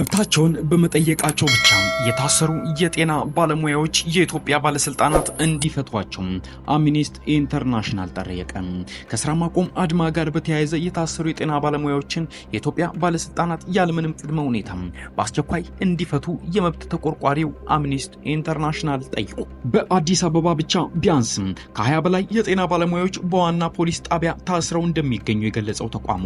መብታቸውን በመጠየቃቸው ብቻ የታሰሩ የጤና ባለሙያዎች የኢትዮጵያ ባለስልጣናት እንዲፈቷቸው አምኒስቲ ኢንተርናሽናል ጠየቀ። ከስራ ማቆም አድማ ጋር በተያያዘ የታሰሩ የጤና ባለሙያዎችን የኢትዮጵያ ባለስልጣናት ያለምንም ቅድመ ሁኔታ በአስቸኳይ እንዲፈቱ የመብት ተቆርቋሪው አምኒስቲ ኢንተርናሽናል ጠይቁ። በአዲስ አበባ ብቻ ቢያንስ ከ20 በላይ የጤና ባለሙያዎች በዋና ፖሊስ ጣቢያ ታስረው እንደሚገኙ የገለጸው ተቋሙ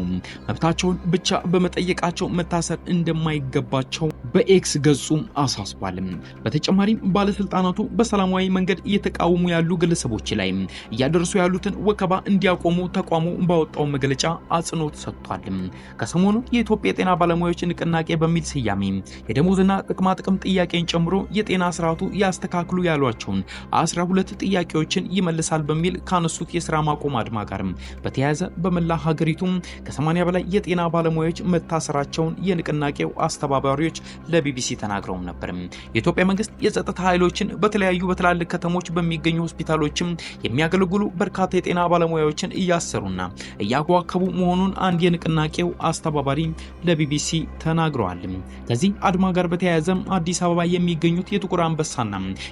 መብታቸውን ብቻ በመጠየቃቸው መታሰር እንደማይገባቸው በኤክስ ገጹም አሳስ አሳስቧል። በተጨማሪም ባለስልጣናቱ በሰላማዊ መንገድ እየተቃወሙ ያሉ ግለሰቦች ላይ እያደረሱ ያሉትን ወከባ እንዲያቆሙ ተቋሙ ባወጣው መግለጫ አጽንኦት ሰጥቷል። ከሰሞኑ የኢትዮጵያ የጤና ባለሙያዎች ንቅናቄ በሚል ስያሜ የደሞዝና ጥቅማጥቅም ጥያቄን ጨምሮ የጤና ስርዓቱ ያስተካክሉ ያሏቸውን አስራ ሁለት ጥያቄዎችን ይመልሳል በሚል ካነሱት የስራ ማቆም አድማ ጋር በተያያዘ በመላ ሀገሪቱ ከ80 በላይ የጤና ባለሙያዎች መታሰራቸውን የንቅናቄው አስተባባሪዎች ለቢቢሲ ተናግረው ነበር። የኢትዮጵያ መንግስት የጸጥታ ኃይሎችን በተለያዩ በትላልቅ ከተሞች በሚገኙ ሆስፒታሎችም የሚያገለግሉ በርካታ የጤና ባለሙያዎችን እያሰሩና እያዋከቡ መሆኑን አንድ የንቅናቄው አስተባባሪ ለቢቢሲ ተናግረዋል። ከዚህ አድማ ጋር በተያያዘም አዲስ አበባ የሚገኙት የጥቁር አንበሳና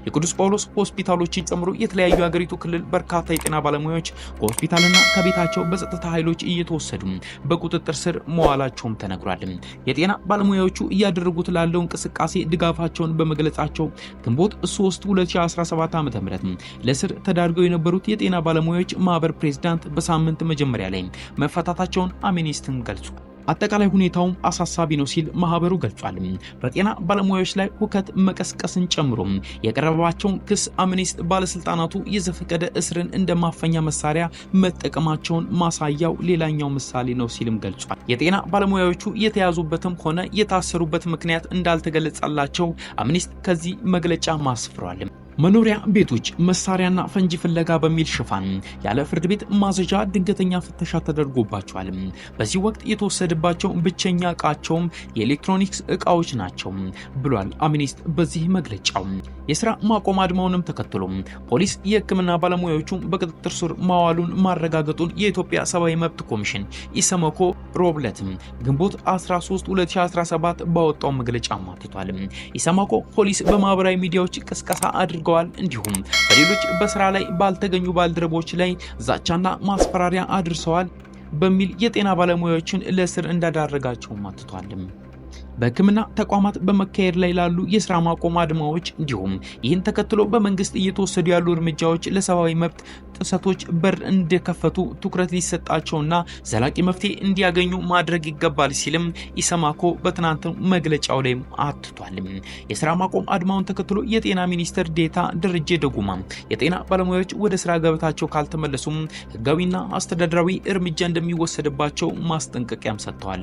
የቅዱስ ጳውሎስ ሆስፒታሎችን ጨምሮ የተለያዩ የሀገሪቱ ክልል በርካታ የጤና ባለሙያዎች ከሆስፒታልና ከቤታቸው በጸጥታ ኃይሎች እየተወሰዱ በቁጥጥር ስር መዋላቸውም ተነግሯል። የጤና ባለሙያዎቹ እያደረጉት ላለው እንቅስቃሴ ድጋፋቸው መሆናቸውን በመግለጻቸው ግንቦት 3 2017 ዓ.ም ለእስር ተዳርገው የነበሩት የጤና ባለሙያዎች ማህበር ፕሬዝዳንት በሳምንት መጀመሪያ ላይ መፈታታቸውን አሜኒስትን ገልጿል። አጠቃላይ ሁኔታውም አሳሳቢ ነው ሲል ማህበሩ ገልጿል። በጤና ባለሙያዎች ላይ ሁከት መቀስቀስን ጨምሮ የቀረበባቸውን ክስ አምኒስት ባለስልጣናቱ የዘፈቀደ እስርን እንደ ማፈኛ መሳሪያ መጠቀማቸውን ማሳያው ሌላኛው ምሳሌ ነው ሲልም ገልጿል። የጤና ባለሙያዎቹ የተያዙበትም ሆነ የታሰሩበት ምክንያት እንዳልተገለጸላቸው አምኒስት ከዚህ መግለጫ ማስፍሯል። መኖሪያ ቤቶች መሳሪያና ፈንጂ ፍለጋ በሚል ሽፋን ያለ ፍርድ ቤት ማዘዣ ድንገተኛ ፍተሻ ተደርጎባቸዋል። በዚህ ወቅት የተወሰደባቸው ብቸኛ እቃቸውም የኤሌክትሮኒክስ እቃዎች ናቸው ብሏል አሚኒስት በዚህ መግለጫው። የስራ ማቆም አድማውንም ተከትሎ ፖሊስ የሕክምና ባለሙያዎቹ በቁጥጥር ስር ማዋሉን ማረጋገጡን የኢትዮጵያ ሰብአዊ መብት ኮሚሽን ኢሰመኮ ሮብለት ግንቦት 13 2017 ባወጣው መግለጫ አማትቷል። ኢሰመኮ ፖሊስ በማህበራዊ ሚዲያዎች ቅስቀሳ አድርገ አድርገዋል። እንዲሁም በሌሎች በስራ ላይ ባልተገኙ ባልደረቦች ላይ ዛቻና ማስፈራሪያ አድርሰዋል በሚል የጤና ባለሙያዎችን ለእስር እንዳዳረጋቸውም አትቷልም። በሕክምና ተቋማት በመካሄድ ላይ ላሉ የስራ ማቆም አድማዎች እንዲሁም ይህን ተከትሎ በመንግስት እየተወሰዱ ያሉ እርምጃዎች ለሰብአዊ መብት ጥሰቶች በር እንደከፈቱ ትኩረት ሊሰጣቸውና ዘላቂ መፍትሄ እንዲያገኙ ማድረግ ይገባል ሲልም ኢሰማኮ በትናንት መግለጫው ላይ አትቷል። የስራ ማቆም አድማውን ተከትሎ የጤና ሚኒስትር ዴታ ደረጀ ደጉማ የጤና ባለሙያዎች ወደ ስራ ገበታቸው ካልተመለሱም ህጋዊና አስተዳደራዊ እርምጃ እንደሚወሰድባቸው ማስጠንቀቂያም ሰጥተዋል።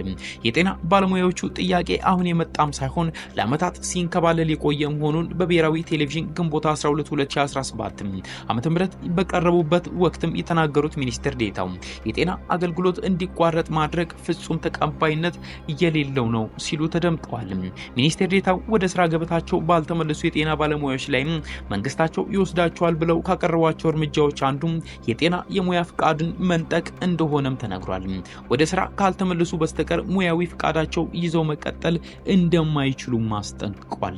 የጤና ባለሙያዎቹ ጥያቄ አሁን የመጣም ሳይሆን ለዓመታት ሲንከባለል የቆየ መሆኑን በብሔራዊ ቴሌቪዥን ግንቦት 12 2017 ዓ.ም በቀረቡ በሚያቀርቡበት ወቅትም የተናገሩት ሚኒስትር ዴታው የጤና አገልግሎት እንዲቋረጥ ማድረግ ፍጹም ተቀባይነት የሌለው ነው ሲሉ ተደምጠዋል። ሚኒስትር ዴታው ወደ ስራ ገበታቸው ባልተመለሱ የጤና ባለሙያዎች ላይ መንግስታቸው ይወስዳቸዋል ብለው ካቀረቧቸው እርምጃዎች አንዱ የጤና የሙያ ፍቃድን መንጠቅ እንደሆነም ተነግሯል። ወደ ስራ ካልተመለሱ በስተቀር ሙያዊ ፍቃዳቸው ይዘው መቀጠል እንደማይችሉ ማስጠንቅቋል።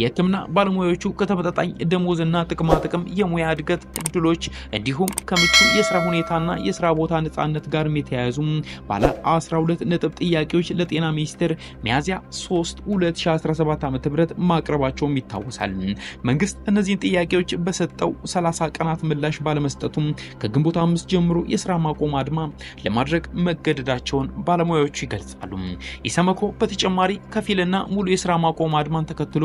የህክምና ባለሙያዎቹ ከተመጣጣኝ ደሞዝና ጥቅማጥቅም የሙያ እድገት እድሎች እንዲሁም ከምቹ የስራ ሁኔታና የስራ ቦታ ነጻነት ጋር የተያያዙ ባለ 12 ነጥብ ጥያቄዎች ለጤና ሚኒስቴር ሚያዝያ 3 2017 ዓ ም ማቅረባቸውም ይታወሳል። መንግስት እነዚህን ጥያቄዎች በሰጠው 30 ቀናት ምላሽ ባለመስጠቱም ከግንቦት አምስት ጀምሮ የስራ ማቆም አድማ ለማድረግ መገደዳቸውን ባለሙያዎቹ ይገልጻሉ። ኢሰመኮ በተጨማሪ ከፊልና ሙሉ የስራ ማቆም አድማን ተከትሎ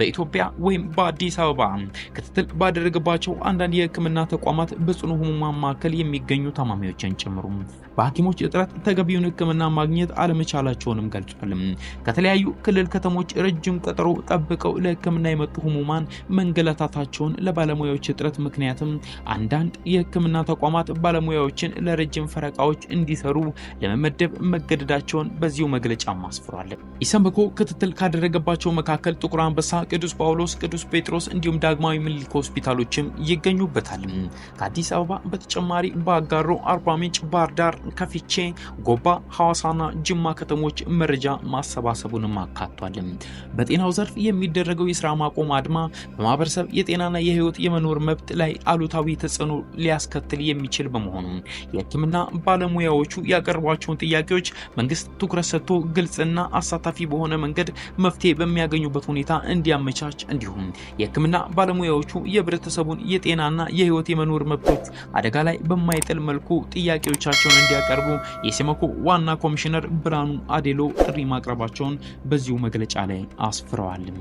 በኢትዮጵያ ወይም በአዲስ አበባ ክትትል ባደረገባቸው አንዳንድ የህክምና ተቋማት በጽኑ ህሙማን ማዕከል የሚገኙ ታማሚዎችን ጨምሩ በሐኪሞች እጥረት ተገቢውን ሕክምና ማግኘት አለመቻላቸውንም ገልጿል። ከተለያዩ ክልል ከተሞች ረጅም ቀጠሮ ጠብቀው ለሕክምና የመጡ ህሙማን መንገላታታቸውን ለባለሙያዎች እጥረት ምክንያትም አንዳንድ የሕክምና ተቋማት ባለሙያዎችን ለረጅም ፈረቃዎች እንዲሰሩ ለመመደብ መገደዳቸውን በዚሁ መግለጫ አስፍሯል። ኢሰመኮ ክትትል ካደረገባቸው መካከል ጥቁር አንበሳ፣ ቅዱስ ጳውሎስ፣ ቅዱስ ጴጥሮስ እንዲሁም ዳግማዊ ምኒልክ ሆስፒታሎችም ይገኙበታል። አዲስ አበባ በተጨማሪ በአጋሮ፣ አርባ ምንጭ፣ ባህር ዳር፣ ከፊቼ ጎባ፣ ሐዋሳና ጅማ ከተሞች መረጃ ማሰባሰቡንም አካቷል። በጤናው ዘርፍ የሚደረገው የስራ ማቆም አድማ በማህበረሰብ የጤናና የህይወት የመኖር መብት ላይ አሉታዊ ተጽዕኖ ሊያስከትል የሚችል በመሆኑ የህክምና ባለሙያዎቹ ያቀርቧቸውን ጥያቄዎች መንግስት ትኩረት ሰጥቶ ግልጽና አሳታፊ በሆነ መንገድ መፍትሄ በሚያገኙበት ሁኔታ እንዲያመቻች እንዲሁም የህክምና ባለሙያዎቹ የህብረተሰቡን የጤናና የህይወት የመኖር መብቶች አደጋ ላይ በማይጥል መልኩ ጥያቄዎቻቸውን እንዲያቀርቡ የሴማኮ ዋና ኮሚሽነር ብርሃኑ አዴሎ ጥሪ ማቅረባቸውን በዚሁ መግለጫ ላይ አስፍረዋልም።